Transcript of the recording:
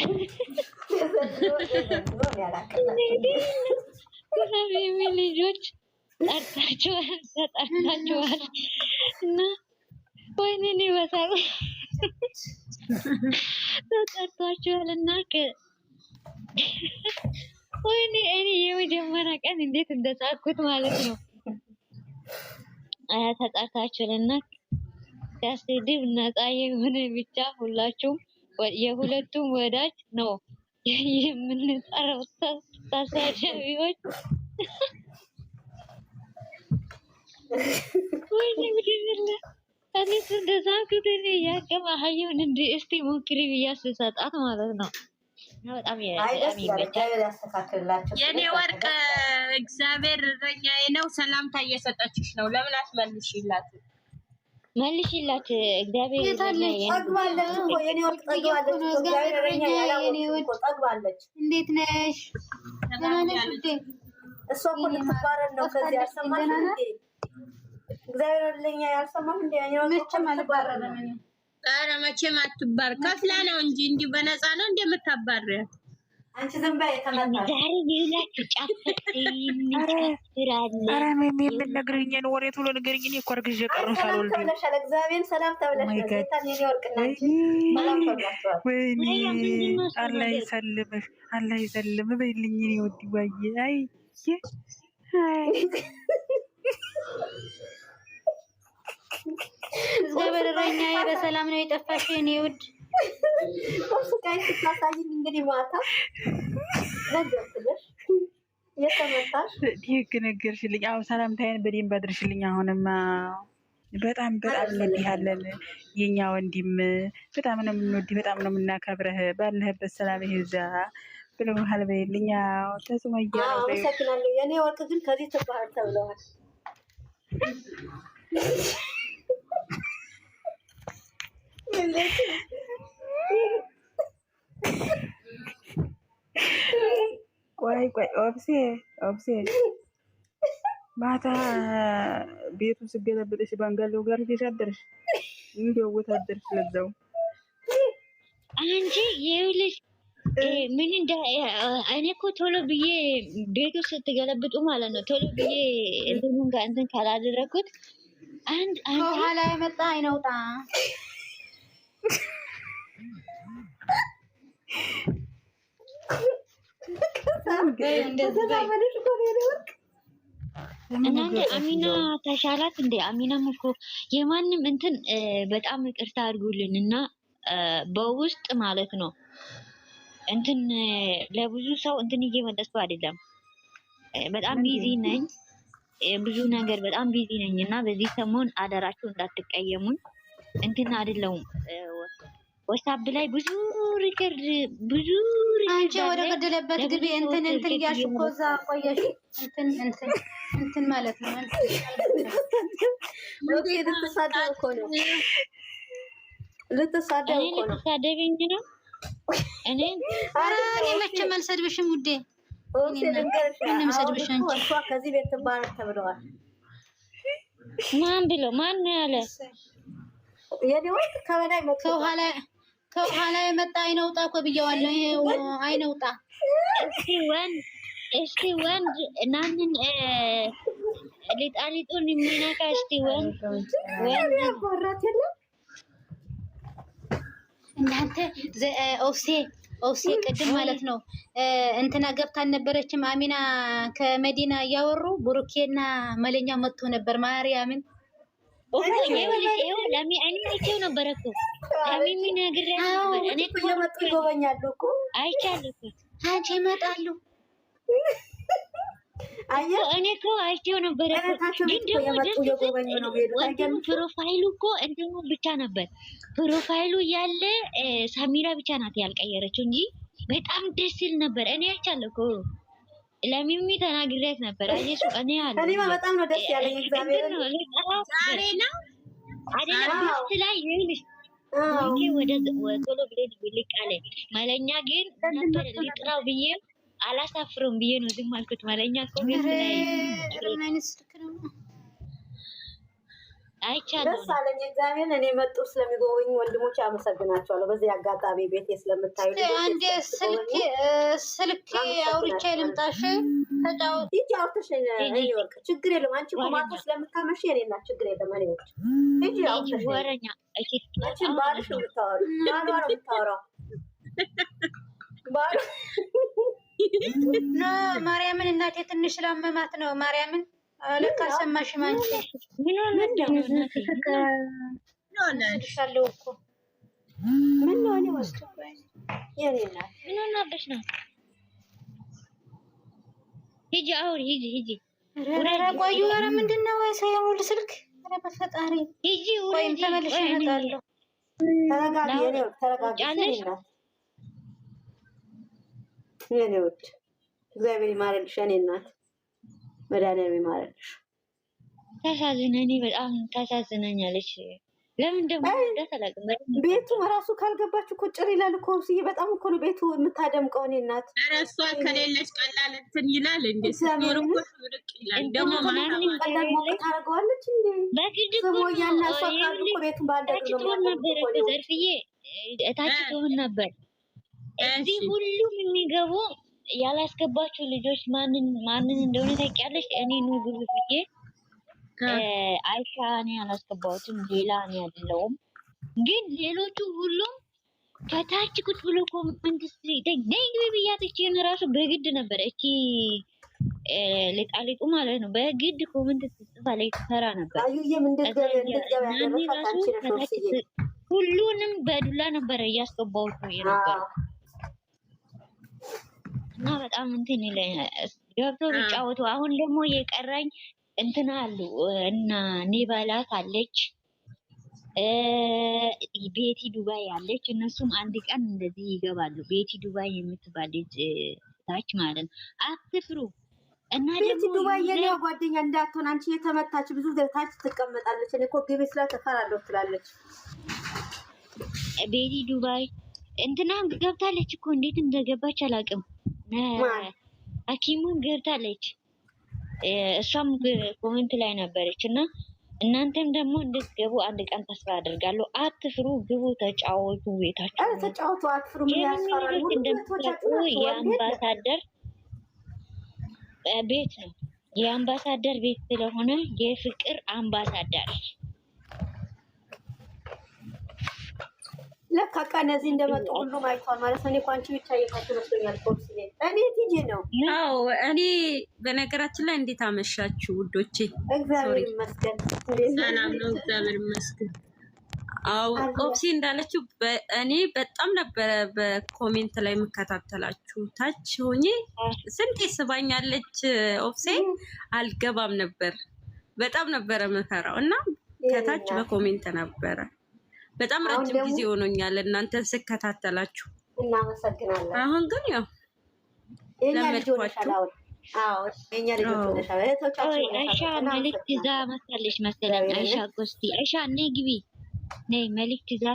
ሀቢቢ ልጆች ጠርታችኋል፣ ተጠርታችኋል እና ወይኔን ይበሳል ተጠርታችኋል እና ወይኔ እኔ የመጀመሪያ ቀን እንዴት እንደሳኩት ማለት ነው። ተጠርታችኋል እና ነፃ የሆነ ብቻ ሁላችሁም የሁለቱም ወዳጅ ነው የምንጠራው። ተሳዳቢዎች እኔስ እንደዛ ክትን እያቀም አህየውን እንዲ እስቲ ሞክሪ ብያስሰጣት ማለት ነው። በጣም የኔ ወርቅ እግዚአብሔር እረኛዬ ነው። ሰላምታ እየሰጠችሽ ነው። ለምን አትመልሺላት? መልሽላት እግዚአብሔር ጠግባለች። እንዴት ነሽ? እሷ እኮ ልትባረር ነው። ከዚህ አልሰማሽ እግዚአብሔር ለኛ እንዴ? መቼም አትባር። ከፍላ ነው እንጂ እንዲሁ በነፃ ነው እንደምታባሪያት አንቺ ዝም በይ ተመጣጣኝ። ዛሬ ይላችሁ የምነግርኝን ወሬ ቶሎ ንገሪኝ። እኔ እኮ አርግዤ ቀረሁ ሳልወልድ እግዚአብሔር ይሰልምሽ፣ አላህ ይሰልም በይልኝ። እኔ ወዲ ባየ አይ እግዚአብሔር በሰላም ነው የጠፋሽ የኔ ውድ ስቃይ ስታሳይ እንግዲህ ማታ ነገርኩልሽ የተመታሽ ይህ ነገርሽልኝ። አሁን ሰላምታዬን በደንብ አድርሽልኝ። አሁንም በጣም በጣም እንወድሃለን የኛ ወንድም፣ በጣም ነው የምንወድ፣ በጣም ነው የምናከብረህ። ባለህበት ሰላም ይዛ ብለውሃል። በይልኛ ተሱመያ አመሰግናለሁ። የኔ ወርቅ ግን ከዚህ ትባህር ተብለዋል። ቆይ ኦብሴ ኦብሴ ማታ ቤቱ ስገለብጥሽ ባንጋለው ጋር ሄደሽ አደርሽ። እንዲያው ቦታ ለዛው አንቺ ይኸውልሽ ምን እንደ እኔ እኮ ቶሎ ብዬ ቤቱ ስትገለብጡ ማለት ነው ቶሎ ብዬ እንትኑን ጋር እንትን ካላደረኩት አንድ አንድ ከኋላ የመጣ አይነውጣ እናንተ አሚና ተሻላት እንዴ? አሚናም እኮ የማንም እንትን በጣም ይቅርታ አድርጉልን እና በውስጥ ማለት ነው እንትን ለብዙ ሰው እንትን እየመለስኩ አይደለም። በጣም ቢዚ ነኝ፣ ብዙ ነገር በጣም ቢዚ ነኝ እና በዚህ ሰሞን አደራችሁ እንዳትቀየሙን እንትን አይደለውም ወሳብ ላይ ብዙ ሪከርድ ብዙ አንቺ ወደ ገደለበት ግቢ እንትን እንትን እያልሽ እኮ እዛ ቆየሽ። እንትን እንትን እንትን ማለት ነው። ልትሳደብ እኮ ነው። ልትሳደብ እኮ ነው። ልትሳደብኝ ነው። እኔ ኧረ እኔ መቼም አልሰድብሽም ውዴ። ምንም ሰድብሽ አንቺ ከዚህ ቤት ትባረር ተብለዋል። ማን ብሎ ማን ያለ ከበላይ መጥቶ ከኋላ ከኋላ የመጣ አይነውጣ እኮ ብያዋለሁ። ይሄ አይነውጣ እስቲ ወንድ እስቲ ወንድ እናንን ሊጣሊጡን የሚነካ እስቲ ወንድ ወንድ እናንተ ኦፍሴ ኦፍሴ ቅድም ማለት ነው እንትና ገብታ አልነበረችም? አሚና ከመዲና እያወሩ ቡሩኬና መለኛ መጥቶ ነበር። ማርያምን ኦፍሴ ነው ለሚ አይኔ አይቼው እኮ ሚሚ ነግሬያት ነበር። እኔ ይመጣሉ። እኔ እኮ አይቼው ነበር፣ ግን ደግሞ ፕሮፋይሉ እኮ እንትኑ ብቻ ነበር ፕሮፋይሉ እያለ ሳሚራ ብቻ ናት ያልቀየረችው እንጂ በጣም ደስ ይል ነበር። እኔ አይቻለሁ እኮ ለሚሚ ተናግሬያት ነበር። አየሽ እኔ አለ እኔማ በጣም ነው ደስ ያለኝ። እግዚአብሔር ነው አይደለም ላይ ይልሽ ወደ መለኛ ግን ሊጥራው ብዬ አላሳፍሩም ብዬ ነው ዝም አልኩት። መለኛ ነው ደስ አለኝ። እግዚአብሔርን እኔ መጡ ስለሚጎበኙ ወንድሞች አመሰግናቸዋለሁ። በዚህ አጋጣሚ ቤቴ ስለምታዩ አንዴ አውርቼ ልምጣሽ። ሂጂ አውርተሽ ችግር የለም። አንቺ ስለምታመሽ ችግር የለም። ሂጂ አውርተሽ መቼም ባልሽ ባሏ ነው የምታወራው ባሏ። ማርያምን እናቴ ትንሽ ላመማት ነው ማርያምን ልክ ሰማሽ ማንቺ ምን ሆናለሽ ነው? ሂጂ አሁን ሂጂ ሂጂ። ቆዩ። ኧረ ምንድን ነው ሰየሙል ስልክ? ኧረ በፈጣሪ ሂጂ። ወይም ተመልሼ እመጣለሁ። ተረጋጊ ተረጋጊ። ውድ እግዚአብሔር ይማረልሽ የእኔ እናት መድኃኒዓለም ይማረልሽ። ታሳዝነ በጣም ታሳዝነኛለች። ለምን ደግሞ ቤቱ ራሱ ካልገባችሁ ቁጭር ይላል እኮ ስዬ በጣም እኮ ነው ቤቱ የምታደምቀው። እኔ እናት እሷ ከሌለች ቀላል እንትን ይላል እንዴ እንዴ ካሉ ቤቱን ነበር እዚህ ሁሉም የሚገቡ ያላስገባችሁ ልጆች ማንን እንደሆነ ታውቂያለሽ? እኔ ኑ ብሉ ብዬ አይሻ እኔ ያላስገባሁትም ሌላ እኔ አይደለሁም። ግን ሌሎቹ ሁሉም ከታች ቁጭ ብሎ ኮመንት ስደግ ብያት እችን ራሱ በግድ ነበር እቺ ሊጣሊጡ ማለት ነው። በግድ ኮመንት ስጽፋ ላይ ትሰራ ነበር። ሁሉንም በዱላ ነበረ እያስገባሁት ነው የነበረው እና በጣም እንትን ይለኛል ገብቶ ቢጫወቱ። አሁን ደግሞ የቀረኝ እንትን አሉ እና ኔባላት አለች ቤቲ ዱባይ አለች። እነሱም አንድ ቀን እንደዚህ ይገባሉ። ቤቲ ዱባይ የምትባል ልጅ ታች ማለት ነው። አትፍሩ እና ቤቲ ዱባይ የኔ ጓደኛ እንዳትሆን አንቺ የተመታች ብዙ ታች ትቀመጣለች። እኔ እኮ ግቤ ስላ ተፈራለሁ ትላለች። ቤቲ ዱባይ እንትና ገብታለች እኮ እንዴት እንደገባች አላውቅም። ሐኪሙን ገብታለች። እሷም ኮሜንት ላይ ነበረች እና እናንተም ደግሞ እንድትገቡ አንድ ቀን ተስፋ አድርጋለሁ። አትፍሩ፣ ግቡ፣ ተጫወቱ። ቤታችሁ ተጫወቱ፣ አትፍሩ። የአምባሳደር ቤት ነው። የአምባሳደር ቤት ስለሆነ የፍቅር አምባሳደር ለካቃ እነዚህ እንደመጡ ሁሉ አይቷል ማለት ነው። ኳንቺ ብቻ እየታችሁ መስሎኛል። እኔ ቲጂ ነው። አዎ እኔ በነገራችን ላይ እንዴት አመሻችሁ ውዶቼ? እግዚአብሔር ይመስገን፣ ሰላም ነው። እግዚአብሔር ይመስገን። አዎ ኦፕሲ እንዳለችው እኔ በጣም ነበረ በኮሜንት ላይ የምከታተላችሁ ታች ሆኜ ስንቴ ስባኛለች። ኦፕሴ አልገባም ነበር በጣም ነበረ ምፈራው እና ከታች በኮሜንት ነበረ በጣም ረጅም ጊዜ ሆኖኛል እናንተ ስከታተላችሁ። እናመሰግናለን። አሁን ግን ያው ለመድኳችሁ። አይሻ መልዕክት ይዛ መሰለች መሰለኝ። አይሻ ጎስቲ አይሻ ነይ ግቢ ነይ መልዕክት ይዛ